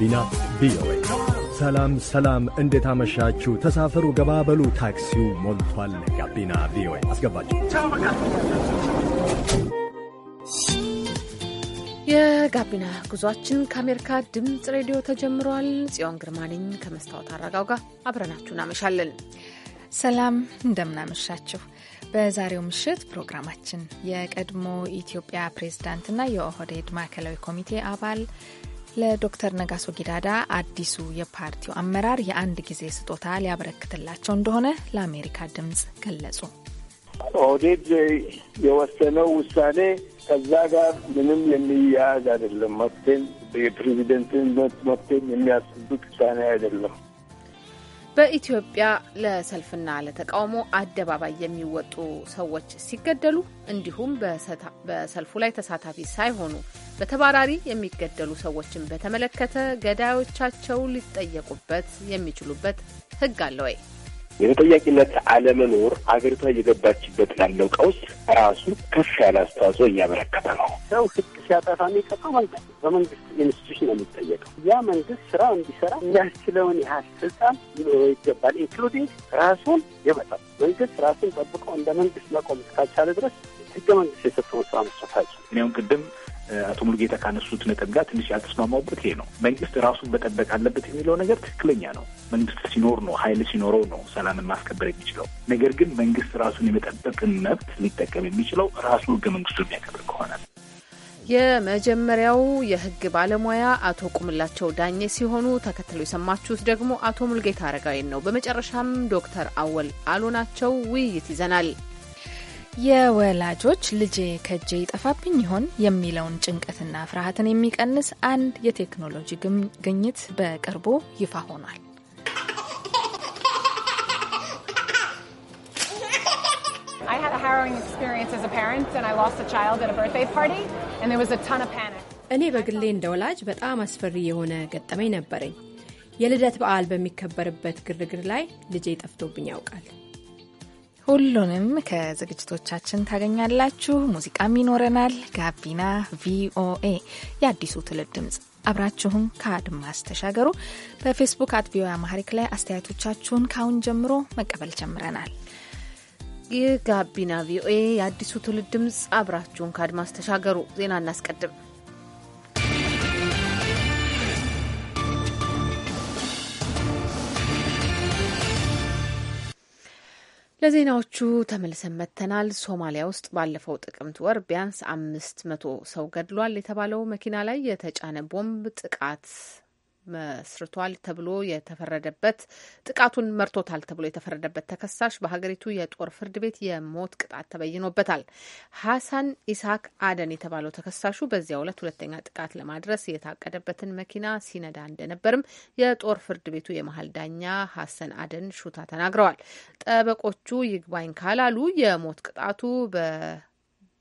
ጋቢና ቪኦኤ። ሰላም ሰላም፣ እንዴት አመሻችሁ? ተሳፈሩ፣ ገባበሉ፣ ታክሲው ሞልቷል። ጋቢና ቪኦኤ አስገባችሁ። የጋቢና ጉዟችን ከአሜሪካ ድምፅ ሬዲዮ ተጀምሯል። ጽዮን ግርማ ነኝ ከመስታወት አረጋው ጋር አብረናችሁ እናመሻለን። ሰላም እንደምናመሻችሁ። በዛሬው ምሽት ፕሮግራማችን የቀድሞ ኢትዮጵያ ፕሬዝዳንትና የኦህዴድ ማዕከላዊ ኮሚቴ አባል ለዶክተር ነጋሶ ጊዳዳ አዲሱ የፓርቲው አመራር የአንድ ጊዜ ስጦታ ሊያበረክትላቸው እንደሆነ ለአሜሪካ ድምፅ ገለጹ። ኦህዴድ የወሰነው ውሳኔ ከዛ ጋር ምንም የሚያያዝ አይደለም። መፍትሄን የፕሬዚደንትነት መፍትሄን የሚያስቡት ውሳኔ አይደለም። በኢትዮጵያ ለሰልፍና ለተቃውሞ አደባባይ የሚወጡ ሰዎች ሲገደሉ እንዲሁም በሰልፉ ላይ ተሳታፊ ሳይሆኑ በተባራሪ የሚገደሉ ሰዎችን በተመለከተ ገዳዮቻቸው ሊጠየቁበት የሚችሉበት ህግ አለ ወይ? የተጠያቂነት አለመኖር አገሪቷ እየገባችበት ላለው ቀውስ ራሱ ከፍ ያለ አስተዋጽኦ እያበረከተ ነው። ሰው ህግ ሲያጠፋ የሚቀጣው መንግስት በመንግስት ኢንስቲቱሽን ነው የሚጠየቀው። ያ መንግስት ስራ እንዲሰራ የሚያስችለውን ያህል ስልጣን ሊኖረው ይገባል። ኢንክሉዲንግ ራሱን ይመጣል። መንግስት ራሱን ጠብቆ እንደ መንግስት መቆም እስካልቻለ ድረስ ህገ መንግስት የሰጠውን ስራ መስራት አይችልም። እኔውን ቅድም አቶ ሙሉጌታ ካነሱት ነጥብ ጋር ትንሽ ያልተስማማውበት ይሄ ነው። መንግስት ራሱን መጠበቅ አለበት የሚለው ነገር ትክክለኛ ነው። መንግስት ሲኖር ነው ኃይል ሲኖረው ነው ሰላምን ማስከበር የሚችለው። ነገር ግን መንግስት ራሱን የመጠበቅን መብት ሊጠቀም የሚችለው ራሱ ህገ መንግስቱ የሚያከብር ከሆነ የመጀመሪያው የህግ ባለሙያ አቶ ቁምላቸው ዳኘ ሲሆኑ ተከትሎ የሰማችሁት ደግሞ አቶ ሙልጌታ አረጋዊን ነው። በመጨረሻም ዶክተር አወል አሉ ናቸው። ውይይት ይዘናል። የወላጆች ልጄ ከጀ ይጠፋብኝ ይሆን የሚለውን ጭንቀትና ፍርሃትን የሚቀንስ አንድ የቴክኖሎጂ ግኝት በቅርቡ ይፋ ሆኗል። እኔ በግሌ እንደ ወላጅ በጣም አስፈሪ የሆነ ገጠመኝ ነበረኝ። የልደት በዓል በሚከበርበት ግርግር ላይ ልጄ ጠፍቶብኝ ያውቃል። ሁሉንም ከዝግጅቶቻችን ታገኛላችሁ። ሙዚቃም ይኖረናል። ጋቢና ቪኦኤ የአዲሱ ትውልድ ድምፅ፣ አብራችሁን ከአድማስ ተሻገሩ። በፌስቡክ አት ቪኦኤ አማሪክ ላይ አስተያየቶቻችሁን ከአሁን ጀምሮ መቀበል ጀምረናል። ይህ ጋቢና ቪኦኤ የአዲሱ ትውልድ ድምፅ፣ አብራችሁን ከአድማስ ተሻገሩ። ዜና እናስቀድም። ለዜናዎቹ ተመልሰን መጥተናል። ሶማሊያ ውስጥ ባለፈው ጥቅምት ወር ቢያንስ አምስት መቶ ሰው ገድሏል የተባለው መኪና ላይ የተጫነ ቦምብ ጥቃት መስርቷል ተብሎ የተፈረደበት ጥቃቱን መርቶታል ተብሎ የተፈረደበት ተከሳሽ በሀገሪቱ የጦር ፍርድ ቤት የሞት ቅጣት ተበይኖበታል። ሀሳን ኢስሐቅ አደን የተባለው ተከሳሹ በዚያው ዕለት ሁለተኛ ጥቃት ለማድረስ የታቀደበትን መኪና ሲነዳ እንደነበርም የጦር ፍርድ ቤቱ የመሀል ዳኛ ሀሰን አደን ሹታ ተናግረዋል። ጠበቆቹ ይግባኝ ካላሉ የሞት ቅጣቱ በ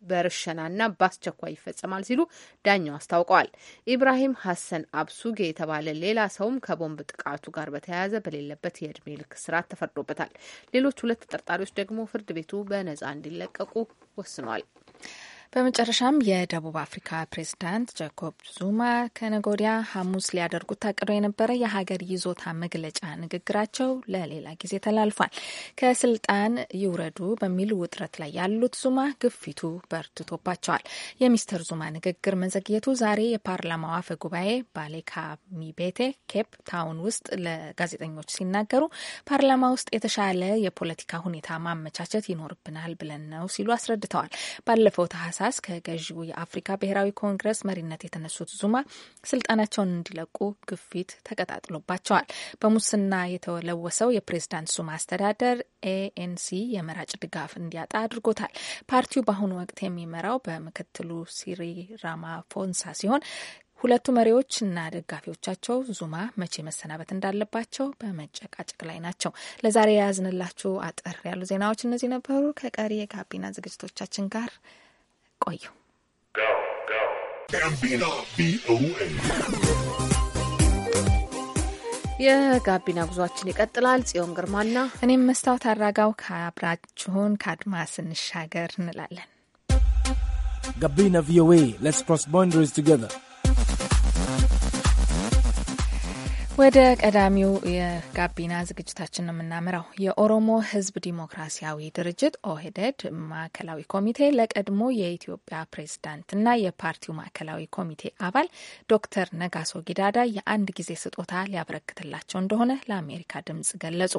በርሸናና በአስቸኳይ ይፈጸማል ሲሉ ዳኛው አስታውቀዋል። ኢብራሂም ሀሰን አብሱጌ የተባለ ሌላ ሰውም ከቦምብ ጥቃቱ ጋር በተያያዘ በሌለበት የእድሜ ልክ እስራት ተፈርዶበታል። ሌሎች ሁለት ተጠርጣሪዎች ደግሞ ፍርድ ቤቱ በነጻ እንዲለቀቁ ወስኗል። በመጨረሻም የደቡብ አፍሪካ ፕሬዚዳንት ጃኮብ ዙማ ከነጎዲያ ሐሙስ ሊያደርጉት ታቅዶ የነበረ የሀገር ይዞታ መግለጫ ንግግራቸው ለሌላ ጊዜ ተላልፏል። ከስልጣን ይውረዱ በሚል ውጥረት ላይ ያሉት ዙማ ግፊቱ በርትቶባቸዋል። የሚስተር ዙማ ንግግር መዘግየቱ ዛሬ የፓርላማው አፈ ጉባኤ ባሌካ ሚቤቴ ኬፕ ታውን ውስጥ ለጋዜጠኞች ሲናገሩ ፓርላማ ውስጥ የተሻለ የፖለቲካ ሁኔታ ማመቻቸት ይኖርብናል ብለን ነው ሲሉ አስረድተዋል። ባለፈው ታህሳስ ከገዢው የአፍሪካ ብሔራዊ ኮንግረስ መሪነት የተነሱት ዙማ ስልጣናቸውን እንዲለቁ ግፊት ተቀጣጥሎባቸዋል። በሙስና የተለወሰው የፕሬዝዳንት ዙማ አስተዳደር ኤኤንሲ የመራጭ ድጋፍ እንዲያጣ አድርጎታል። ፓርቲው በአሁኑ ወቅት የሚመራው በምክትሉ ሲሪ ራማፎንሳ ሲሆን ሁለቱ መሪዎች እና ደጋፊዎቻቸው ዙማ መቼ መሰናበት እንዳለባቸው በመጨቃጨቅ ላይ ናቸው። ለዛሬ የያዝንላችሁ አጠር ያሉ ዜናዎች እነዚህ ነበሩ። ከቀሪ የጋቢና ዝግጅቶቻችን ጋር ቆዩ። የጋቢና ጉዟችን ይቀጥላል። ጽዮን ግርማና እኔም መስታወት አራጋው ከአብራችሁን ከአድማ ስንሻገር እንላለን። ጋቢና ቪኦኤ ሌትስ ክሮስ ቦንደሪስ ቱጌዘር ወደ ቀዳሚው የጋቢና ዝግጅታችን ነው የምናምራው። የኦሮሞ ሕዝብ ዲሞክራሲያዊ ድርጅት ኦህዴድ ማዕከላዊ ኮሚቴ ለቀድሞ የኢትዮጵያ ፕሬዝዳንትና የፓርቲው ማዕከላዊ ኮሚቴ አባል ዶክተር ነጋሶ ጊዳዳ የአንድ ጊዜ ስጦታ ሊያበረክትላቸው እንደሆነ ለአሜሪካ ድምጽ ገለጹ።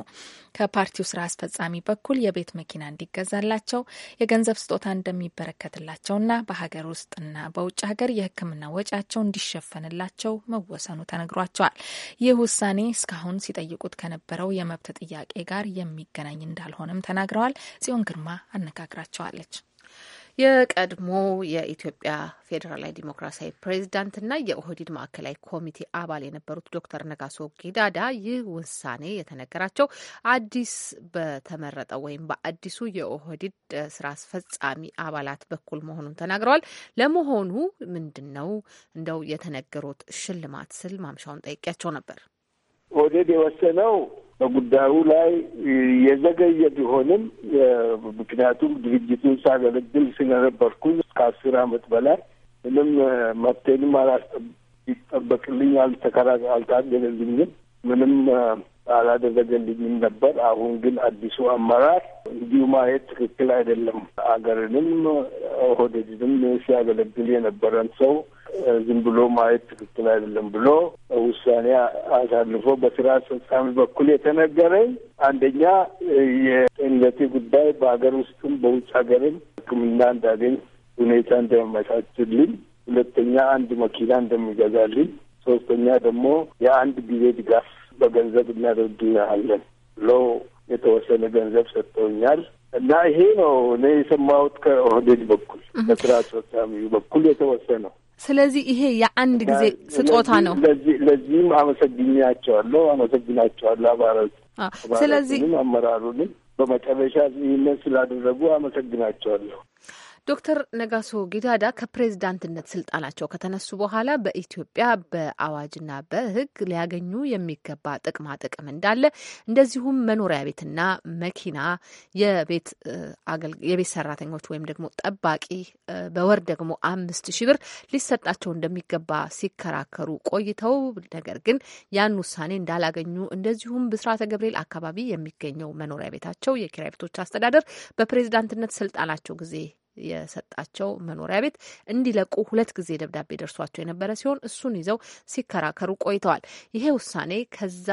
ከፓርቲው ስራ አስፈጻሚ በኩል የቤት መኪና እንዲገዛላቸው፣ የገንዘብ ስጦታ እንደሚበረከትላቸውና በሀገር ውስጥና በውጭ ሀገር የሕክምና ወጪያቸው እንዲሸፈንላቸው መወሰኑ ተነግሯቸዋል። ይህ ውሳኔ እስካሁን ሲጠይቁት ከነበረው የመብት ጥያቄ ጋር የሚገናኝ እንዳልሆነም ተናግረዋል። ጽዮን ግርማ አነጋግራቸዋለች። የቀድሞ የኢትዮጵያ ፌዴራላዊ ዲሞክራሲያዊ ፕሬዚዳንትና የኦህዲድ ማዕከላዊ ኮሚቴ አባል የነበሩት ዶክተር ነጋሶ ጊዳዳ ይህ ውሳኔ የተነገራቸው አዲስ በተመረጠው ወይም በአዲሱ የኦህዲድ ስራ አስፈጻሚ አባላት በኩል መሆኑን ተናግረዋል። ለመሆኑ ምንድን ነው እንደው የተነገሩት ሽልማት ስል ማምሻውን ጠይቂያቸው ነበር። ኦህዴድ የወሰነው በጉዳዩ ላይ የዘገየ ቢሆንም ምክንያቱም ድርጅቱን ሳገለግል ስለነበርኩኝ እስከ አስር አመት በላይ ምንም መብቴንም አልተከራ አልታገለልኝም፣ ምንም አላደረገልኝም ነበር። አሁን ግን አዲሱ አመራር እንዲሁ ማየት ትክክል አይደለም። አገርንም ኦህዴድንም ሲያገለግል የነበረን ሰው ዝም ብሎ ማየት ትክክል አይደለም ብሎ ውሳኔ አሳልፎ በስራ አስፈጻሚ በኩል የተነገረኝ አንደኛ የጤንነቴ ጉዳይ በሀገር ውስጥም በውጭ ሀገርም ሕክምና እንዳገኝ ሁኔታ እንደመቻችልኝ፣ ሁለተኛ አንድ መኪና እንደሚገዛልኝ፣ ሶስተኛ ደግሞ የአንድ ጊዜ ድጋፍ በገንዘብ እናደርግልሃለን ብሎ የተወሰነ ገንዘብ ሰጥተውኛል። እና ይሄ ነው እኔ የሰማሁት ከኦህዴድ በኩል ከስራ አስፈጻሚ በኩል የተወሰነው ስለዚህ ይሄ የአንድ ጊዜ ስጦታ ነው። ለዚህም አመሰግኛቸዋለሁ አመሰግናቸዋለሁ አባላት ስለዚህ አመራሩንም በመጨረሻ ይህንን ስላደረጉ አመሰግናቸዋለሁ። ዶክተር ነጋሶ ጊዳዳ ከፕሬዝዳንትነት ስልጣናቸው ከተነሱ በኋላ በኢትዮጵያ በአዋጅና በሕግ ሊያገኙ የሚገባ ጥቅማ ጥቅም እንዳለ እንደዚሁም መኖሪያ ቤትና መኪና፣ የቤት የቤት ሰራተኞች ወይም ደግሞ ጠባቂ በወር ደግሞ አምስት ሺ ብር ሊሰጣቸው እንደሚገባ ሲከራከሩ ቆይተው ነገር ግን ያን ውሳኔ እንዳላገኙ እንደዚሁም ብስራተ ገብርኤል አካባቢ የሚገኘው መኖሪያ ቤታቸው የኪራይ ቤቶች አስተዳደር በፕሬዝዳንትነት ስልጣናቸው ጊዜ የሰጣቸው መኖሪያ ቤት እንዲለቁ ሁለት ጊዜ ደብዳቤ ደርሷቸው የነበረ ሲሆን እሱን ይዘው ሲከራከሩ ቆይተዋል። ይሄ ውሳኔ ከዛ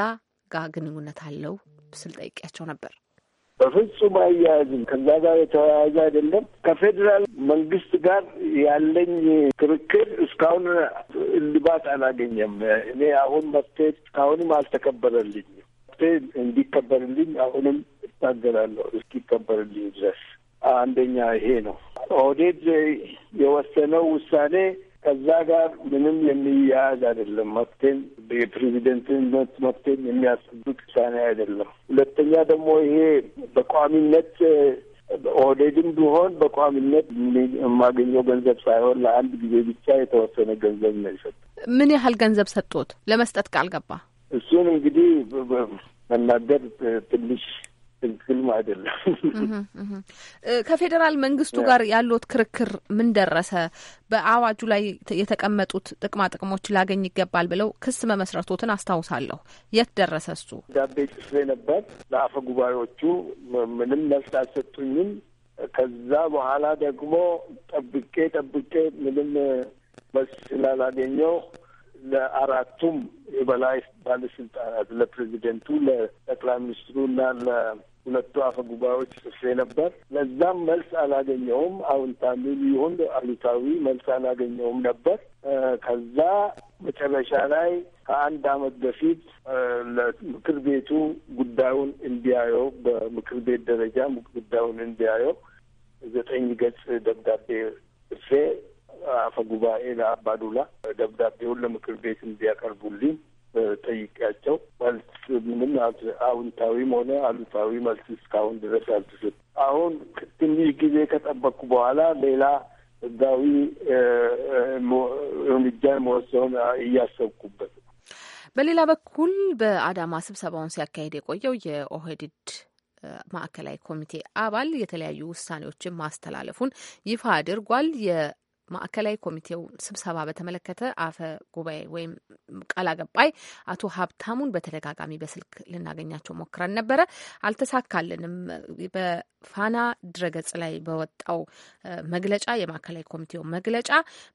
ጋር ግንኙነት አለው ስል ጠይቄያቸው ነበር። በፍጹም አያያዝም ከዛ ጋር የተያያዘ አይደለም። ከፌዴራል መንግስት ጋር ያለኝ ክርክር እስካሁን እልባት አላገኘም። እኔ አሁን መፍትሄ እስካሁንም አልተከበረልኝም። መፍትሄ እንዲከበርልኝ አሁንም እታገላለሁ እስኪከበርልኝ ድረስ አንደኛ ይሄ ነው። ኦህዴድ የወሰነው ውሳኔ ከዛ ጋር ምንም የሚያያዝ አይደለም። መብቴን የፕሬዚደንትነት መብቴን የሚያስጠብቅ ውሳኔ አይደለም። ሁለተኛ ደግሞ ይሄ በቋሚነት ኦህዴድም ቢሆን በቋሚነት የማገኘው ገንዘብ ሳይሆን ለአንድ ጊዜ ብቻ የተወሰነ ገንዘብ ነው የሰጡት። ምን ያህል ገንዘብ ሰጡት? ለመስጠት ቃል ገባ። እሱን እንግዲህ መናገር ትንሽ ትክክልም አይደለም። ከፌዴራል መንግስቱ ጋር ያለት ክርክር ምን ደረሰ? በአዋጁ ላይ የተቀመጡት ጥቅማ ጥቅሞች ላገኝ ይገባል ብለው ክስ መመስረቶትን አስታውሳለሁ። የት ደረሰ እሱ? ዳቤ ጽፌ ነበር ለአፈ ጉባኤዎቹ፣ ምንም መልስ አልሰጡኝም። ከዛ በኋላ ደግሞ ጠብቄ ጠብቄ ምንም መልስ ስላላገኘው ለአራቱም የበላይ ባለስልጣናት ለፕሬዚደንቱ፣ ለጠቅላይ ሚኒስትሩ እና ለሁለቱ አፈ ጉባኤዎች ጽፌ ነበር። ለዛም መልስ አላገኘውም አዎንታዊ ይሁን አሉታዊ መልስ አላገኘውም ነበር። ከዛ መጨረሻ ላይ ከአንድ አመት በፊት ለምክር ቤቱ ጉዳዩን እንዲያየው በምክር ቤት ደረጃ ጉዳዩን እንዲያየው ዘጠኝ ገጽ ደብዳቤ ጽፌ አፈ ጉባኤ ለአባዱላ ደብዳቤውን ለምክር ቤት እንዲያቀርቡልኝ ጠይቄያቸው መልስ ምንም አዎንታዊም ሆነ አሉታዊ መልስ እስካሁን ድረስ አልተሰጠም። አሁን ትንሽ ጊዜ ከጠበቅኩ በኋላ ሌላ ህጋዊ እርምጃ መወሰን እያሰብኩበት። በሌላ በኩል በአዳማ ስብሰባውን ሲያካሄድ የቆየው የኦህዴድ ማዕከላዊ ኮሚቴ አባል የተለያዩ ውሳኔዎችን ማስተላለፉን ይፋ አድርጓል። ማዕከላዊ ኮሚቴውን ስብሰባ በተመለከተ አፈ ጉባኤ ወይም ቃል አቀባይ አቶ ሀብታሙን በተደጋጋሚ በስልክ ልናገኛቸው ሞክረን ነበረ፣ አልተሳካልንም። በፋና ድረገጽ ላይ በወጣው መግለጫ የማዕከላዊ ኮሚቴው መግለጫ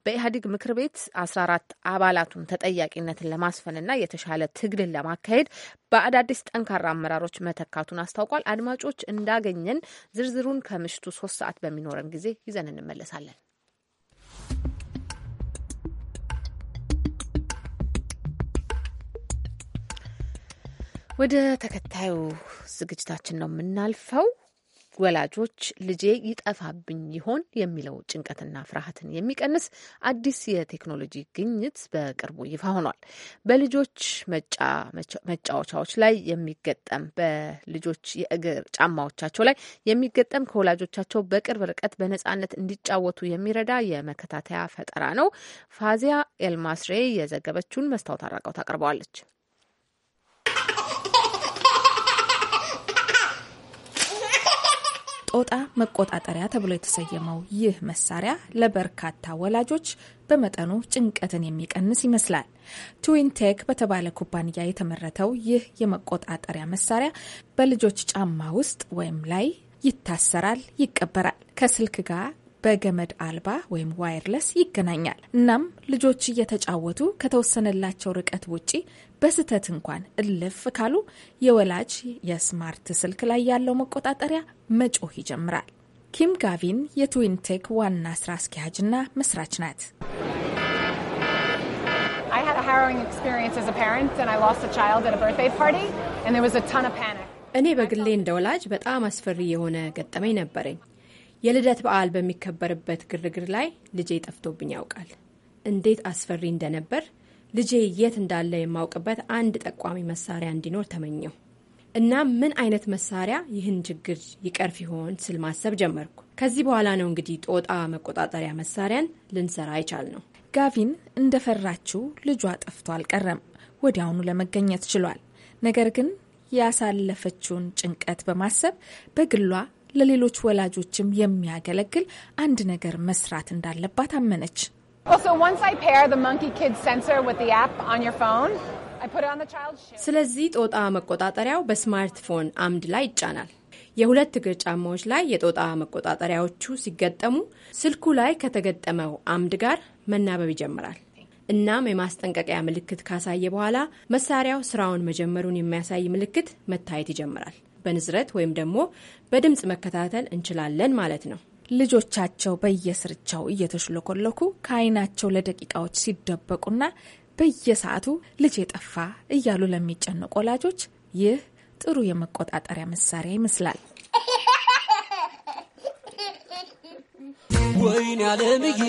በኢህአዴግ ምክር ቤት አስራ አራት አባላቱን ተጠያቂነትን ለማስፈንና የተሻለ ትግልን ለማካሄድ በአዳዲስ ጠንካራ አመራሮች መተካቱን አስታውቋል። አድማጮች እንዳገኘን ዝርዝሩን ከምሽቱ ሶስት ሰዓት በሚኖረን ጊዜ ይዘን እንመለሳለን። ወደ ተከታዩ ዝግጅታችን ነው የምናልፈው። ወላጆች ልጄ ይጠፋብኝ ይሆን የሚለው ጭንቀትና ፍርሃትን የሚቀንስ አዲስ የቴክኖሎጂ ግኝት በቅርቡ ይፋ ሆኗል። በልጆች መጫወቻዎች ላይ የሚገጠም በልጆች የእግር ጫማዎቻቸው ላይ የሚገጠም ከወላጆቻቸው በቅርብ ርቀት በነጻነት እንዲጫወቱ የሚረዳ የመከታተያ ፈጠራ ነው። ፋዚያ ኤልማስሬ የዘገበችውን መስታወት አራቀው ታቀርበዋለች። ጦጣ መቆጣጠሪያ ተብሎ የተሰየመው ይህ መሳሪያ ለበርካታ ወላጆች በመጠኑ ጭንቀትን የሚቀንስ ይመስላል። ትዊንቴክ በተባለ ኩባንያ የተመረተው ይህ የመቆጣጠሪያ መሳሪያ በልጆች ጫማ ውስጥ ወይም ላይ ይታሰራል፣ ይቀበራል። ከስልክ ጋር በገመድ አልባ ወይም ዋይርለስ ይገናኛል። እናም ልጆች እየተጫወቱ ከተወሰነላቸው ርቀት ውጪ በስህተት እንኳን እልፍ ካሉ የወላጅ የስማርት ስልክ ላይ ያለው መቆጣጠሪያ መጮህ ይጀምራል። ኪም ጋቪን የትዊንቴክ ዋና ስራ አስኪያጅና መስራች ናት። እኔ በግሌ እንደ ወላጅ በጣም አስፈሪ የሆነ ገጠመኝ ነበረኝ። የልደት በዓል በሚከበርበት ግርግር ላይ ልጄ ጠፍቶብኝ ያውቃል። እንዴት አስፈሪ እንደነበር ልጄ የት እንዳለ የማውቅበት አንድ ጠቋሚ መሳሪያ እንዲኖር ተመኘው። እና ምን አይነት መሳሪያ ይህን ችግር ይቀርፍ ይሆን ስል ማሰብ ጀመርኩ። ከዚህ በኋላ ነው እንግዲህ ጦጣ መቆጣጠሪያ መሳሪያን ልንሰራ ይቻል ነው። ጋቪን እንደፈራችው ልጇ ጠፍቶ አልቀረም። ወዲያውኑ ለመገኘት ችሏል። ነገር ግን ያሳለፈችውን ጭንቀት በማሰብ በግሏ ለሌሎች ወላጆችም የሚያገለግል አንድ ነገር መስራት እንዳለባት አመነች። ስለዚህ ጦጣ መቆጣጠሪያው በስማርትፎን አምድ ላይ ይጫናል። የሁለት እግር ጫማዎች ላይ የጦጣ መቆጣጠሪያዎቹ ሲገጠሙ ስልኩ ላይ ከተገጠመው አምድ ጋር መናበብ ይጀምራል። እናም የማስጠንቀቂያ ምልክት ካሳየ በኋላ መሳሪያው ስራውን መጀመሩን የሚያሳይ ምልክት መታየት ይጀምራል። በንዝረት ወይም ደግሞ በድምፅ መከታተል እንችላለን ማለት ነው። ልጆቻቸው በየስርቻው እየተሽለኮለኩ ከአይናቸው ለደቂቃዎች ሲደበቁና በየሰዓቱ ልጅ የጠፋ እያሉ ለሚጨነቁ ወላጆች ይህ ጥሩ የመቆጣጠሪያ መሳሪያ ይመስላል። ወይን ያለምዬ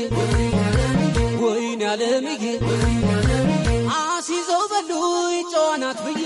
ወይን ያለምዬ አሲዘው በሉ ጨዋናት ብዬ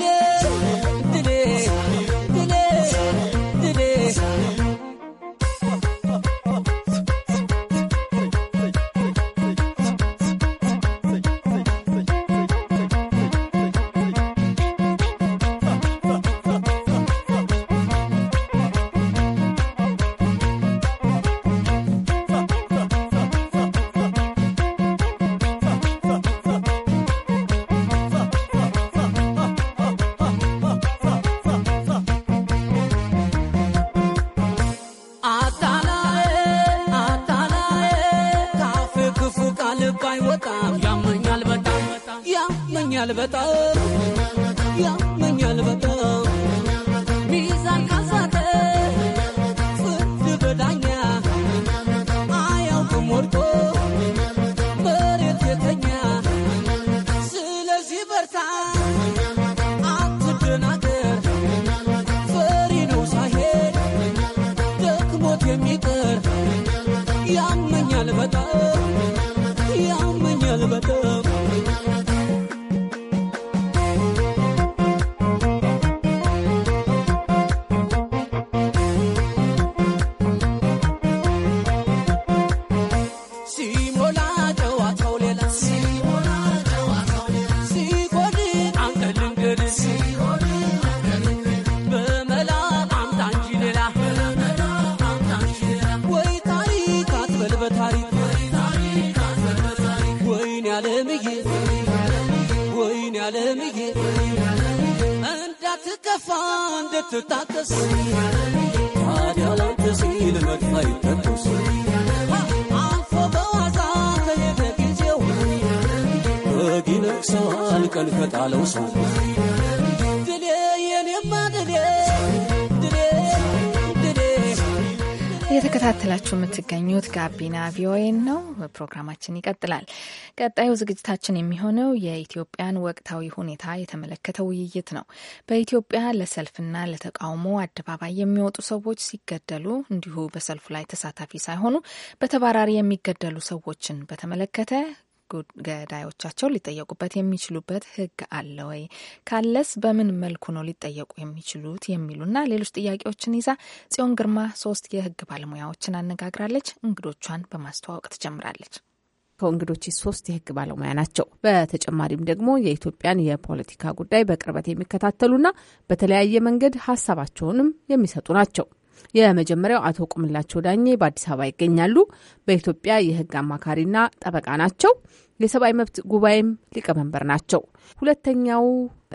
ይደረስ እየተከታተላችሁ የምትገኙት ጋቢና ቪኦኤን ነው። ፕሮግራማችን ይቀጥላል። ቀጣዩ ዝግጅታችን የሚሆነው የኢትዮጵያን ወቅታዊ ሁኔታ የተመለከተ ውይይት ነው። በኢትዮጵያ ለሰልፍና ለተቃውሞ አደባባይ የሚወጡ ሰዎች ሲገደሉ፣ እንዲሁ በሰልፉ ላይ ተሳታፊ ሳይሆኑ በተባራሪ የሚገደሉ ሰዎችን በተመለከተ ገዳዮቻቸው ሊጠየቁበት የሚችሉበት ሕግ አለ ወይ? ካለስ በምን መልኩ ነው ሊጠየቁ የሚችሉት? የሚሉና ሌሎች ጥያቄዎችን ይዛ ጽዮን ግርማ ሶስት የሕግ ባለሙያዎችን አነጋግራለች። እንግዶቿን በማስተዋወቅ ትጀምራለች። ከወንግዶች ሶስት የህግ ባለሙያ ናቸው። በተጨማሪም ደግሞ የኢትዮጵያን የፖለቲካ ጉዳይ በቅርበት የሚከታተሉና በተለያየ መንገድ ሀሳባቸውንም የሚሰጡ ናቸው። የመጀመሪያው አቶ ቁምላቸው ዳኜ በአዲስ አበባ ይገኛሉ። በኢትዮጵያ የህግ አማካሪና ጠበቃ ናቸው። የሰብአዊ መብት ጉባኤም ሊቀመንበር ናቸው። ሁለተኛው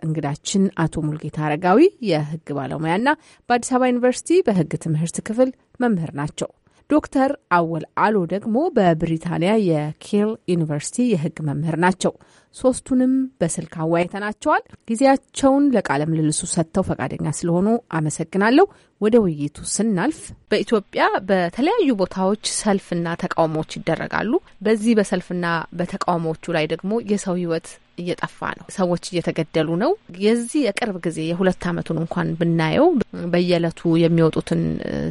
እንግዳችን አቶ ሙልጌታ አረጋዊ የህግ ባለሙያና በአዲስ አበባ ዩኒቨርሲቲ በህግ ትምህርት ክፍል መምህር ናቸው። ዶክተር አወል አሎ ደግሞ በብሪታንያ የኬል ዩኒቨርሲቲ የህግ መምህር ናቸው። ሶስቱንም በስልክ አወያይተናቸዋል። ጊዜያቸውን ለቃለ ምልልሱ ሰጥተው ፈቃደኛ ስለሆኑ አመሰግናለሁ። ወደ ውይይቱ ስናልፍ በኢትዮጵያ በተለያዩ ቦታዎች ሰልፍና ተቃውሞዎች ይደረጋሉ። በዚህ በሰልፍና በተቃውሞዎቹ ላይ ደግሞ የሰው ህይወት እየጠፋ ነው። ሰዎች እየተገደሉ ነው። የዚህ የቅርብ ጊዜ የሁለት አመቱን እንኳን ብናየው በየዕለቱ የሚወጡትን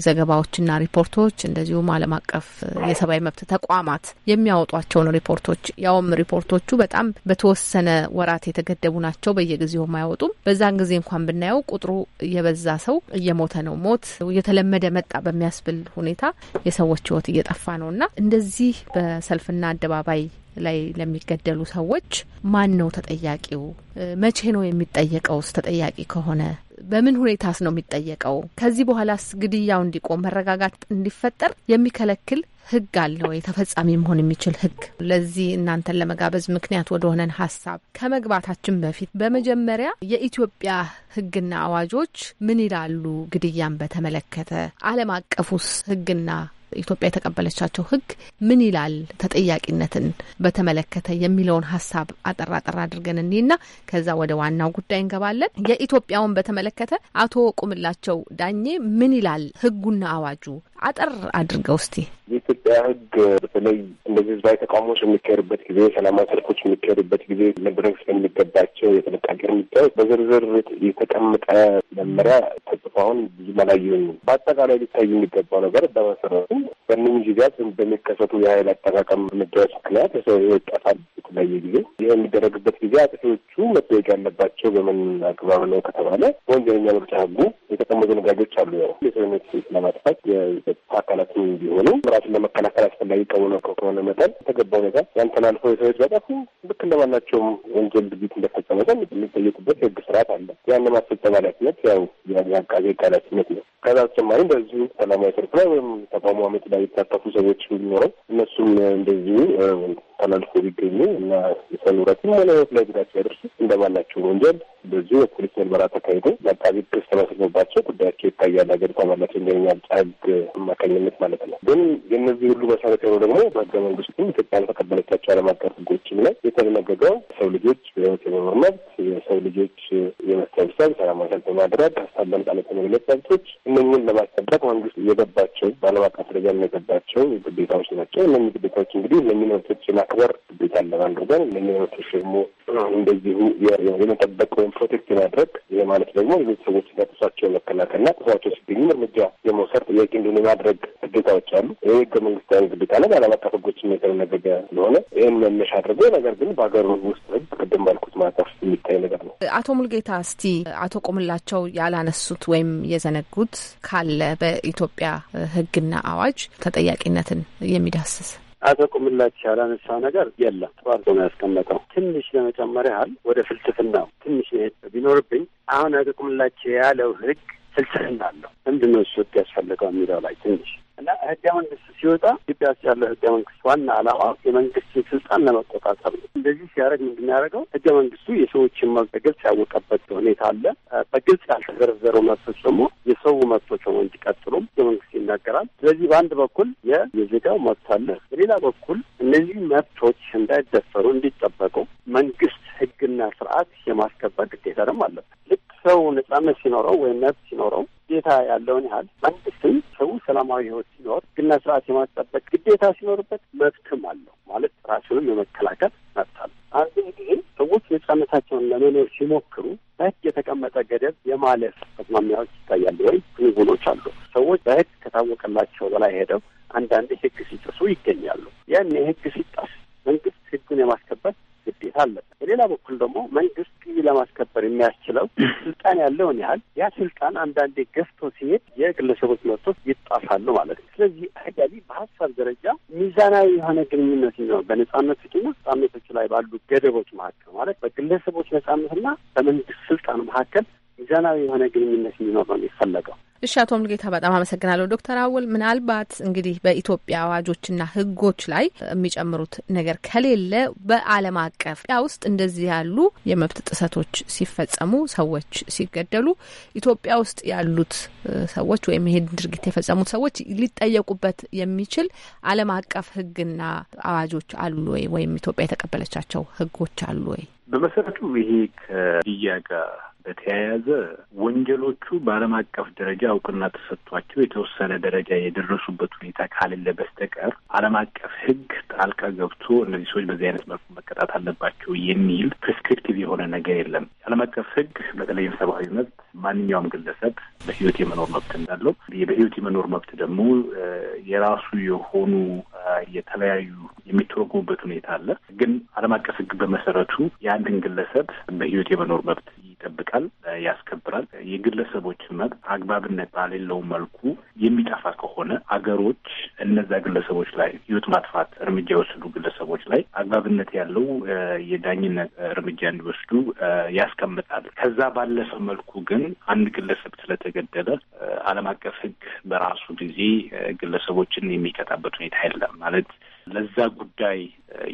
ዘገባዎችና ሪፖርቶች እንደዚሁም ዓለም አቀፍ የሰብአዊ መብት ተቋማት የሚያወጧቸውን ሪፖርቶች ያውም ሪፖርቶቹ በጣም በተወሰነ ወራት የተገደቡ ናቸው። በየጊዜውም አይወጡም። በዛን ጊዜ እንኳን ብናየው ቁጥሩ እየበዛ ሰው እየሞተ ነው። ሞት እየተለመደ መጣ በሚያስብል ሁኔታ የሰዎች ህይወት እየጠፋ ነው እና እንደዚህ በሰልፍና አደባባይ ላይ ለሚገደሉ ሰዎች ማን ነው ተጠያቂው? መቼ ነው የሚጠየቀውስ? ተጠያቂ ከሆነ በምን ሁኔታስ ነው የሚጠየቀው? ከዚህ በኋላስ ግድያው እንዲቆም መረጋጋት እንዲፈጠር የሚከለክል ህግ አለ ወይ? ተፈጻሚ መሆን የሚችል ህግ? ለዚህ እናንተን ለመጋበዝ ምክንያት ወደሆነን ሀሳብ ከመግባታችን በፊት በመጀመሪያ የኢትዮጵያ ህግና አዋጆች ምን ይላሉ? ግድያን በተመለከተ ዓለም አቀፉስ ህግና? ኢትዮጵያ የተቀበለቻቸው ህግ ምን ይላል ተጠያቂነትን በተመለከተ የሚለውን ሀሳብ አጠራ አጠር አድርገን እኒና ከዛ ወደ ዋናው ጉዳይ እንገባለን። የኢትዮጵያውን በተመለከተ አቶ ቁምላቸው ዳኜ ምን ይላል ህጉና አዋጁ አጠር አድርገው እስቲ የኢትዮጵያ ሕግ በተለይ እንደዚህ ህዝባዊ ተቃውሞች የሚካሄዱበት ጊዜ፣ ሰላማዊ ሰልፎች የሚካሄዱበት ጊዜ መድረግ ስለሚገባቸው የጥንቃቄ እርምጃዎች በዝርዝር የተቀመጠ መመሪያ ተጽፎ አሁን ብዙም አላየሁኝም። በአጠቃላይ ሊታይ የሚገባው ነገር በመሰረቱ በእነኝህ ጊዜያት በሚከሰቱ የኃይል አጠቃቀም እርምጃዎች ምክንያት የሰው ሕይወት ይጠፋል። የተለያየ ጊዜ ይህ የሚደረግበት ጊዜ አጥፊዎቹ መጠየቅ ያለባቸው በምን አግባብ ነው ከተባለ በወንጀለኛ መቅጫ ህጉ የተቀመጡ ነጋጆች አሉ። ያው የሰውነት ለማጥፋት አካላት ቢሆኑ ራሱን ለመከላከል አስፈላጊ ከሆነ ከሆነ መጠን የተገባው ነገር ያን ተላልፈው የሰዎች በጠፉ ልክ እንደማናቸውም ወንጀል ድርጊት እንደፈጸመ መጠን የሚጠየቁበት የህግ ስርዓት አለ። ያን ለማስፈጸም ኃላፊነት ያው የአቃቤ ህግ ኃላፊነት ነው። ከዛ በተጨማሪ እንደዚሁ ሰላማዊ ሰልፍ ላይ ወይም ተቃውሞ አመፅ ላይ የተሳተፉ ሰዎች ቢኖረው እነሱም እንደዚሁ ተላልፎ ቢገኙ እና የሰው ንብረትም ሆነ ህይወት ላይ ጉዳት ሲያደርሱ እንደባላቸው ወንጀል በዚሁ የፖሊስ ምርመራ ተካሂዶ ለአቃቢ ክስ ተመስርቶባቸው ጉዳያቸው ይታያል። ሀገሪቷ ባላት እንደኛል ሕግ አማካኝነት ማለት ነው። ግን የእነዚህ ሁሉ መሰረት የሆነው ደግሞ በህገ መንግስቱም ኢትዮጵያን ተቀበለቻቸው ዓለም አቀፍ ህጎችም ላይ የተደነገገው ሰው ልጆች በህይወት የመኖር መብት፣ የሰው ልጆች የመሰብሰብ ሰላማዊ ሰልፍ በማድረግ ሀሳብ በነጻነት የመግለጽ መብቶች እነኝን ለማስጠበቅ መንግስት የገባቸው በዓለም አቀፍ ደረጃ የገባቸው ግዴታዎች ናቸው። እነዚህ ግዴታዎች እንግዲህ እነኝን መብቶች ማክበር ግዴታ ለማድርገን ለሚኖቶች ደግሞ እንደዚሁ የመጠበቅ ወይም ፕሮቴክት የማድረግ ይህ ማለት ደግሞ ሌሎች ሰዎች እና ጥሷቸው መከላከልና ጥሳቸው ሲገኙ እርምጃ የመውሰድ ጥያቄ እንዲሆን የማድረግ ግዴታዎች አሉ። ይህ ህገ መንግስታዊ ግዴታ ነው። በዓለም አቀፍ ህጎችም የተደነገገ ስለሆነ ይህን መነሻ አድርጎ ነገር ግን በሀገሩ ውስጥ ህግ ቅድም ባልኩት ማዕቀፍ የሚታይ ነገር ነው። አቶ ሙልጌታ እስቲ አቶ ቆምላቸው ያላነሱት ወይም የዘነጉት ካለ በኢትዮጵያ ህግና አዋጅ ተጠያቂነትን የሚዳስስ አቶ ቁምላቸው ያላነሳው ነገር የለም ጥባርቶ ነው ያስቀመጠው። ትንሽ ለመጨመር ያህል ወደ ፍልስፍናው ትንሽ መሄድ ቢኖርብኝ አሁን አቶ ቁምላቸው ያለው ህግ ፍልስፍና አለው። ምንድን ነው እሱ ህግ ያስፈልገው የሚለው ላይ ትንሽ እና ህገ መንግስት ሲወጣ ኢትዮጵያ ውስጥ ያለው ህገ መንግስት ዋና አላማ የመንግስትን ስልጣን ለመቆጣጠር ነው። እንደዚህ ሲያደርግ ምንድን ያደረገው ህገ መንግስቱ የሰዎችን መብት በግልጽ ያወቀበት ሁኔታ አለ። በግልጽ ያልተዘረዘሩ መብቶች ደግሞ የሰው መብቶች ሆኖ እንዲቀጥሉም ህገ መንግስት ይናገራል። ስለዚህ በአንድ በኩል የዜጋው መብት አለ፣ በሌላ በኩል እነዚህ መብቶች እንዳይደፈሩ እንዲጠበቁ መንግስት ህግና ስርዓት የማስከበር ግዴታ ደግሞ አለበት። ልክ ሰው ነጻነት ሲኖረው ወይም መብት ሲኖረው ግዴታ ያለውን ያህል ሰላማዊ ህይወት ሲኖር ህግና ስርዓት የማስጠበቅ ግዴታ ሲኖርበት መብትም አለው ማለት ራሱንም የመከላከል መብት አለው። አንድም ጊዜ ሰዎች ነጻነታቸውን ለመኖር ሲሞክሩ በህግ የተቀመጠ ገደብ የማለፍ አዝማሚያዎች ይታያሉ ወይም ክንውኖች አሉ። ሰዎች በህግ ከታወቀላቸው በላይ ሄደው አንዳንዴ ህግ ሲጥሱ ይገኛሉ። ያን ህግ ሲጣስ መንግስት ህጉን የማስከበር ግዴታ አለበት። በሌላ በኩል ደግሞ ለማስከበር የሚያስችለው ስልጣን ያለውን ያህል ያ ስልጣን አንዳንዴ ገፍቶ ሲሄድ የግለሰቦች መብቶች ይጣሳሉ ማለት ነው። ስለዚህ አያሌ በሀሳብ ደረጃ ሚዛናዊ የሆነ ግንኙነት ይኖር በነጻነቶችና ነጻነቶች ላይ ባሉ ገደቦች መካከል ማለት በግለሰቦች ነጻነትና በመንግስት ስልጣን መካከል ሚዛናዊ የሆነ ግንኙነት እንዲኖር ነው የሚፈለገው። እሺ፣ አቶ ሙልጌታ በጣም አመሰግናለሁ። ዶክተር አወል ምናልባት እንግዲህ በኢትዮጵያ አዋጆችና ህጎች ላይ የሚጨምሩት ነገር ከሌለ በዓለም አቀፍ ውስጥ እንደዚህ ያሉ የመብት ጥሰቶች ሲፈጸሙ፣ ሰዎች ሲገደሉ ኢትዮጵያ ውስጥ ያሉት ሰዎች ወይም ይሄን ድርጊት የፈጸሙት ሰዎች ሊጠየቁበት የሚችል ዓለም አቀፍ ህግና አዋጆች አሉ ወይ? ወይም ኢትዮጵያ የተቀበለቻቸው ህጎች አሉ ወይ? በመሰረቱ ይሄ ከድያ ጋር በተያያዘ ወንጀሎቹ በዓለም አቀፍ ደረጃ እውቅና ተሰጥቷቸው የተወሰነ ደረጃ የደረሱበት ሁኔታ ካሌለ በስተቀር ዓለም አቀፍ ሕግ ጣልቃ ገብቶ እነዚህ ሰዎች በዚህ አይነት መልኩ መቀጣት አለባቸው የሚል ፕሪስክሪፕቲቭ የሆነ ነገር የለም። የዓለም አቀፍ ሕግ በተለይም ሰብአዊ መብት ማንኛውም ግለሰብ በሕይወት የመኖር መብት እንዳለው በሕይወት የመኖር መብት ደግሞ የራሱ የሆኑ የተለያዩ የሚተረጎሙበት ሁኔታ አለ። ግን ዓለም አቀፍ ሕግ በመሰረቱ የአንድን ግለሰብ በሕይወት የመኖር መብት ይጠብቃል። ይጠብቃል፣ ያስከብራል። የግለሰቦችን መብት አግባብነት ባሌለው መልኩ የሚጠፋ ከሆነ አገሮች እነዛ ግለሰቦች ላይ ህይወት ማጥፋት እርምጃ የወሰዱ ግለሰቦች ላይ አግባብነት ያለው የዳኝነት እርምጃ እንዲወስዱ ያስቀምጣል። ከዛ ባለፈ መልኩ ግን አንድ ግለሰብ ስለተገደለ ዓለም አቀፍ ህግ በራሱ ጊዜ ግለሰቦችን የሚቀጣበት ሁኔታ የለም ማለት ለዛ ጉዳይ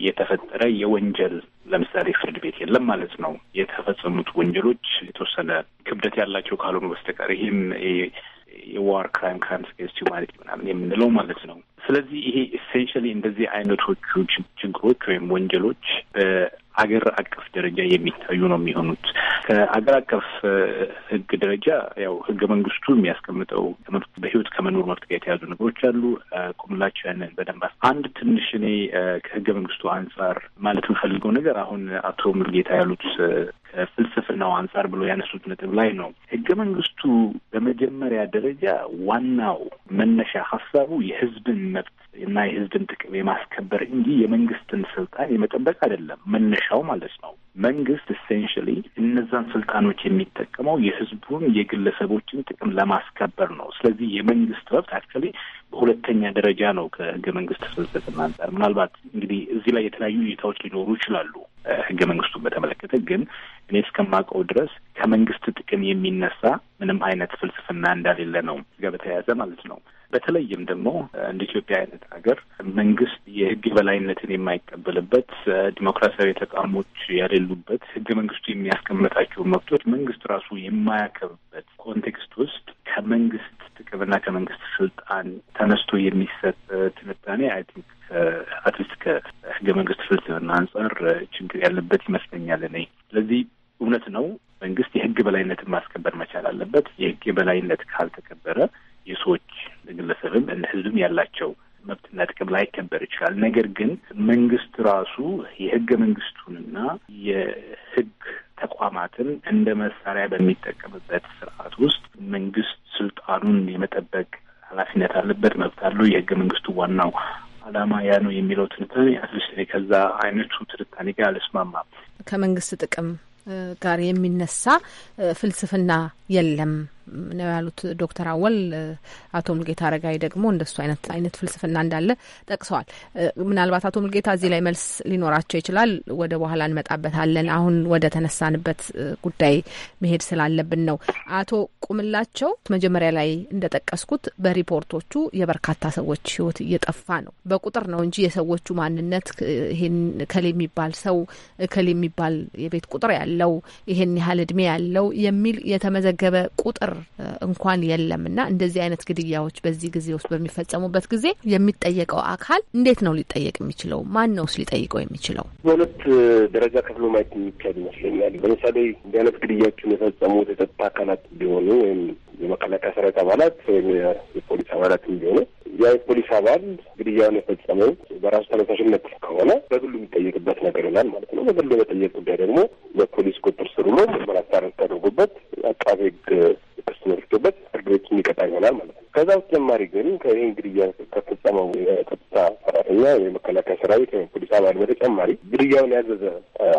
የተፈጠረ የወንጀል ለምሳሌ ፍርድ ቤት የለም ማለት ነው። የተፈጸሙት ወንጀሎች የተወሰነ ክብደት ያላቸው ካልሆኑ በስተቀር ይህም የዋር ክራይም ክራይምስ አጌንስት ሂውማኒቲ ምናምን የምንለው ማለት ነው። ስለዚህ ይሄ ኤሴንሽሊ እንደዚህ አይነቶቹ ችግሮች ወይም ወንጀሎች በአገር አቀፍ ደረጃ የሚታዩ ነው የሚሆኑት። ከአገር አቀፍ ህግ ደረጃ ያው ህገ መንግስቱ የሚያስቀምጠው በህይወት ከመኖር መብት ጋር የተያዙ ነገሮች አሉ። ቁምላቸው ያንን በደንብ አንድ ትንሽ እኔ ከህገ መንግስቱ አንጻር ማለት የምፈልገው ነገር አሁን አቶ ሙልጌታ ያሉት ከፍልስፍናው አንጻር ብሎ ያነሱት ነጥብ ላይ ነው። ህገ መንግስቱ በመጀመሪያ ደረጃ ዋናው መነሻ ሀሳቡ የህዝብን መብት እና የህዝብን ጥቅም የማስከበር እንጂ የመንግስትን ስልጣን የመጠበቅ አይደለም መነሻው ማለት ነው። መንግስት ኢሴንሽሊ እነዛን ስልጣኖች የሚጠቀመው የህዝቡን የግለሰቦችን ጥቅም ለማስከበር ነው። ስለዚህ የመንግስት መብት አክቹዋሊ በሁለተኛ ደረጃ ነው ከህገ መንግስት ፍልስፍና አንጻር። ምናልባት እንግዲህ እዚህ ላይ የተለያዩ እይታዎች ሊኖሩ ይችላሉ ህገ መንግስቱን በተመለከተ ግን እኔ እስከማውቀው ድረስ ከመንግስት ጥቅም የሚነሳ ምንም አይነት ፍልስፍና እንዳሌለ ነው ጋር በተያያዘ ማለት ነው። በተለይም ደግሞ እንደ ኢትዮጵያ አይነት ሀገር መንግስት የህግ የበላይነትን የማይቀበልበት ዲሞክራሲያዊ ተቋሞች ያሌሉበት ህገ መንግስቱ የሚያስቀምጣቸው መብቶች መንግስት ራሱ የማያከብበት ኮንቴክስት ውስጥ ከመንግስት ጥቅምና ከመንግስት ስልጣን ተነስቶ የሚሰጥ ትንታኔ አይ ቲንክ አትሊስት ከህገ መንግስት ፍልስፍና አንጻር ችግር ያለበት ይመስለኛል እኔ። ስለዚህ እውነት ነው መንግስት የህግ በላይነትን ማስከበር መቻል አለበት። የህግ የበላይነት ካልተከበረ እንደ ህዝብም ያላቸው መብትና ጥቅም ላይከበር ይችላል። ነገር ግን መንግስት ራሱ የህገ መንግስቱንና የህግ ተቋማትን እንደ መሳሪያ በሚጠቀምበት ስርዓት ውስጥ መንግስት ስልጣኑን የመጠበቅ ኃላፊነት አለበት፣ መብት አለው። የህገ መንግስቱ ዋናው አላማ ያ ነው የሚለው ትንታኔ አትሊስት እኔ ከዛ አይነቱ ትንታኔ ጋር አልስማማም። ከመንግስት ጥቅም ጋር የሚነሳ ፍልስፍና የለም ነው ያሉት ዶክተር አወል። አቶ ሙልጌታ አረጋዊ ደግሞ እንደሱ አይነት አይነት ፍልስፍና እንዳለ ጠቅሰዋል። ምናልባት አቶ ሙልጌታ እዚህ ላይ መልስ ሊኖራቸው ይችላል። ወደ በኋላ እንመጣበታለን። አሁን ወደ ተነሳንበት ጉዳይ መሄድ ስላለብን ነው። አቶ ቁምላቸው መጀመሪያ ላይ እንደጠቀስኩት በሪፖርቶቹ የበርካታ ሰዎች ህይወት እየጠፋ ነው። በቁጥር ነው እንጂ የሰዎቹ ማንነት ይሄን እከሌ የሚባል ሰው እከሌ የሚባል የቤት ቁጥር ያለው ይሄን ያህል እድሜ ያለው የሚል የተመዘገበ ቁጥር ነገር እንኳን የለም እና እንደዚህ አይነት ግድያዎች በዚህ ጊዜ ውስጥ በሚፈጸሙበት ጊዜ የሚጠየቀው አካል እንዴት ነው ሊጠየቅ የሚችለው? ማን ነውስ ሊጠይቀው የሚችለው? በሁለት ደረጃ ከፍሎ ማየት የሚቻል ይመስለኛል። ለምሳሌ እንዲህ አይነት ግድያዎችን የፈጸሙ የጸጥታ አካላት ቢሆኑ ወይም የመከላከያ ሰራዊት አባላት ወይም የፖሊስ አባላት እንዲሆኑ ያ የፖሊስ አባል ግድያውን የፈጸመው በራሱ ተነሳሽነት ከሆነ በግሉ የሚጠየቅበት ነገር ይላል ማለት ነው። በግሉ የመጠየቅ ጉዳይ ደግሞ በፖሊስ ቁጥር ስር ውሎ ምርመራ ተደርጎበት አቃቤ ሕግ ተመልክቶበት ፍርድ ቤት የሚቀጣ ይሆናል ማለት ነው። ከዛ በተጨማሪ ግን ከይህ ግድያ ከፈጸመው የጸጥታ ሰራተኛ መከላከያ ሰራዊት ወይም ፖሊስ አባል በተጨማሪ ግድያውን ያዘዘ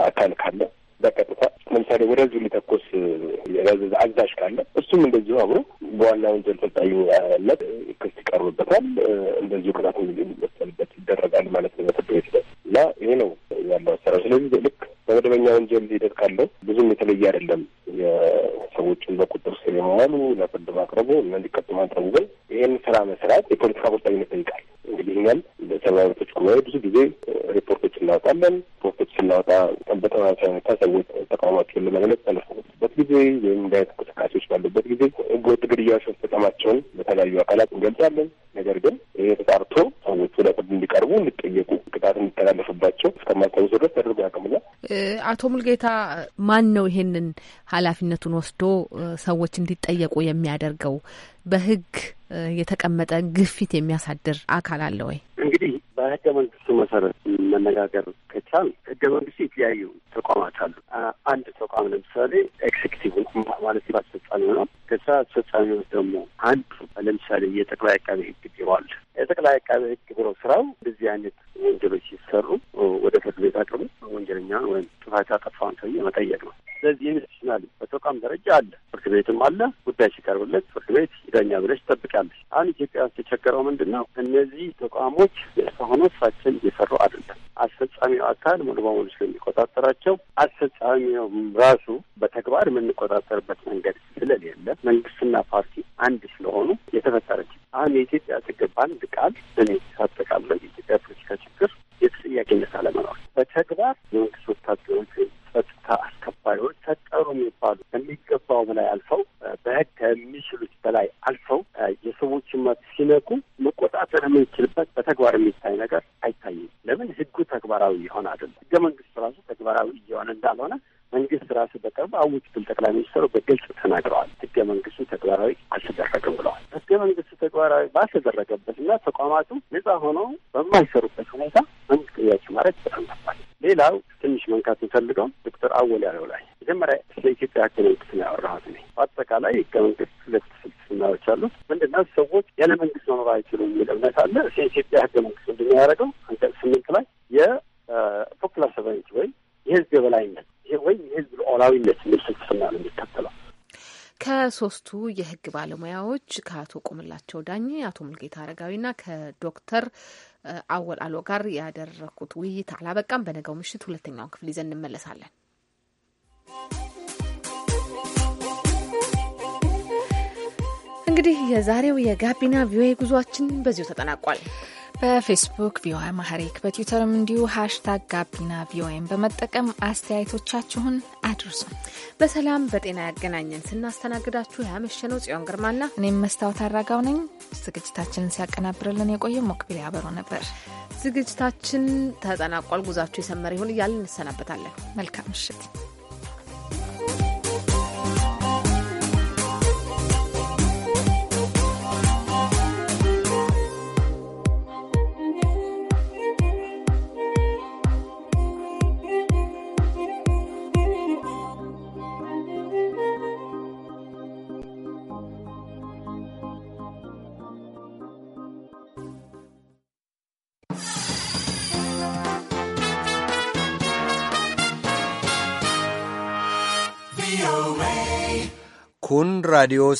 አካል ካለ በቀጥታ ለምሳሌ ወደ ህዝብ ሊተኮስ ያዘዘ አዛዥ ካለ እሱም እንደዚሁ አብሮ በዋና ወንጀል ፈጻሚነት ክስ ይቀርብበታል። እንደዚሁ ቅጣት የሚመሰልበት ይደረጋል ማለት ነው በፍርድ ቤት ላይ እና ይሄ ነው ያለው አሰራር። ስለዚህ ልክ በመደበኛ ወንጀል ሂደት ካለው ብዙም የተለየ አይደለም። ሰዎችን በቁጥር ስር የመዋሉ ለፍርድ ማቅረቡ እና እንዲቀጡ ማድረጉ ግን ይህን ስራ መስራት የፖለቲካ ቁርጠኝነት ይጠይቃል። እንግዲህ እኛም በሰብአዊ መብቶች ጉባኤ ብዙ ጊዜ ሪፖርቶች እናወጣለን። ሪፖርቶች ስናወጣ በተመሳሳይ ሁኔታ ሰዎች ተቃውሟቸውን ለመግለጽ ሰልፍ ጊዜ ወይም እንዲህ አይነት እንቅስቃሴዎች ባሉበት ጊዜ ህገወጥ ግድያዎች መፈጸማቸውን በተለያዩ አካላት እንገልጻለን። ነገር ግን ይህ ተጣርቶ ሰዎቹ ለፍርድ እንዲቀርቡ፣ እንዲጠየቁ፣ ቅጣት እንዲተላለፍባቸው እስከማልታወሱ ድረስ ተደርጎ ያቀ አቶ ሙልጌታ ማን ነው ይሄንን ኃላፊነቱን ወስዶ ሰዎች እንዲጠየቁ የሚያደርገው? በህግ የተቀመጠ ግፊት የሚያሳድር አካል አለ ወይ? እንግዲህ በህገ መንግስቱ መሰረት መነጋገር ከቻል ህገ መንግስቱ የተለያዩ ተቋማት አሉ። አንድ ተቋም ለምሳሌ ኤክሴኪቲቭ ማለት አስፈጻሚ ሆናል። ከዛ አስፈጻሚዎች ደግሞ አንዱ ለምሳሌ የጠቅላይ አቃቤ ህግ ቢሮ አለ። የጠቅላይ አቃቤ ህግ ቢሮ ስራው እንደዚህ አይነት ወንጀሎች ሲሰሩ ለፍርድ ቤት አቅርቦ ወንጀለኛ ወይም ጥፋት ያጠፋውን ሰውዬ መጠየቅ ነው። ስለዚህ ኢንስቲትሽናል በተቋም ደረጃ አለ፣ ፍርድ ቤትም አለ። ጉዳይ ሲቀርብለት ፍርድ ቤት ይዳኛ ብለሽ ትጠብቂያለሽ። አሁን ኢትዮጵያ የተቸገረው የቸገረው ምንድን ነው? እነዚህ ተቋሞች ሆኖ ስራችን እየሰሩ አይደለም። አስፈጻሚው አካል ሙሉ በሙሉ ስለሚቆጣጠራቸው አስፈጻሚውም ራሱ በተግባር የምንቆጣጠርበት መንገድ ስለሌለ መንግስትና ፓርቲ አንድ ስለሆኑ የተፈጠረች አሁን የኢትዮጵያ ችግር በአንድ ቃል እኔ ሳጠቃለ የኢትዮጵያ ፖለቲካ ችግር የተጠያቂነት አለማ ተግባር የመንግስት ወታደሮች ጸጥታ አስከባሪዎች ሰጠሩ የሚባሉ ከሚገባው በላይ አልፈው በህግ ከሚችሉት በላይ አልፈው የሰዎች መብት ሲነኩ መቆጣጠር የምንችልበት በተግባር የሚታይ ነገር አይታይም። ለምን ህጉ ተግባራዊ የሆነ አይደለም። ህገ መንግስት ራሱ ተግባራዊ እየሆነ እንዳልሆነ መንግስት ራሱ በቅርብ አውጅቱን ጠቅላይ ሚኒስትሩ በግልጽ ተናግረዋል። ህገ መንግስቱ ተግባራዊ አልተደረገም ብለዋል። ህገ መንግስቱ ተግባራዊ ባልተደረገበትና ተቋማቱ ነጻ ሆኖ በማይሰሩበት ሁኔታ መንግስት ጥያቄ ማለት በጣም ሌላው ትንሽ መንካት የምፈልገው ዶክተር አወል ያለው ላይ መጀመሪያ ስለ ኢትዮጵያ ህገ መንግስት ነው ያወራሁት እኔ። በአጠቃላይ ህገ መንግስት ሁለት ስልስናዎች አሉት። ምንድነው ሰዎች ያለ መንግስት መኖር አይችሉም የሚል እምነት አለ። ስለ ኢትዮጵያ ህገ መንግስት ምንድነው ያደረገው? አንቀጽ ስምንት ላይ የፖፕላር ሰቨንቲ ወይም የህዝብ የበላይነት ወይም የህዝብ ሉዓላዊነት የሚል ስልስና ነው ከሶስቱ የህግ ባለሙያዎች ከአቶ ቆምላቸው ዳኜ፣ አቶ ሙልጌታ አረጋዊና ከዶክተር አወል አሎ ጋር ያደረኩት ውይይት አላበቃም። በነገው ምሽት ሁለተኛውን ክፍል ይዘን እንመለሳለን። እንግዲህ የዛሬው የጋቢና ቪኦኤ ጉዟችን በዚሁ ተጠናቋል። በፌስቡክ ቪኦኤ ማህሪክ በትዊተርም እንዲሁ ሀሽታግ ጋቢና ቪኦኤም በመጠቀም አስተያየቶቻችሁን አድርሱ። በሰላም በጤና ያገናኘን። ስናስተናግዳችሁ ያመሸነው ጽዮን ግርማና እኔም መስታወት አራጋው ነኝ። ዝግጅታችንን ሲያቀናብርልን የቆየ ሞክቢል ያበሮ ነበር። ዝግጅታችን ተጠናቋል። ጉዟችሁ የሰመረ ይሁን እያልን እንሰናበታለን። መልካም ምሽት። Kun raadiyoo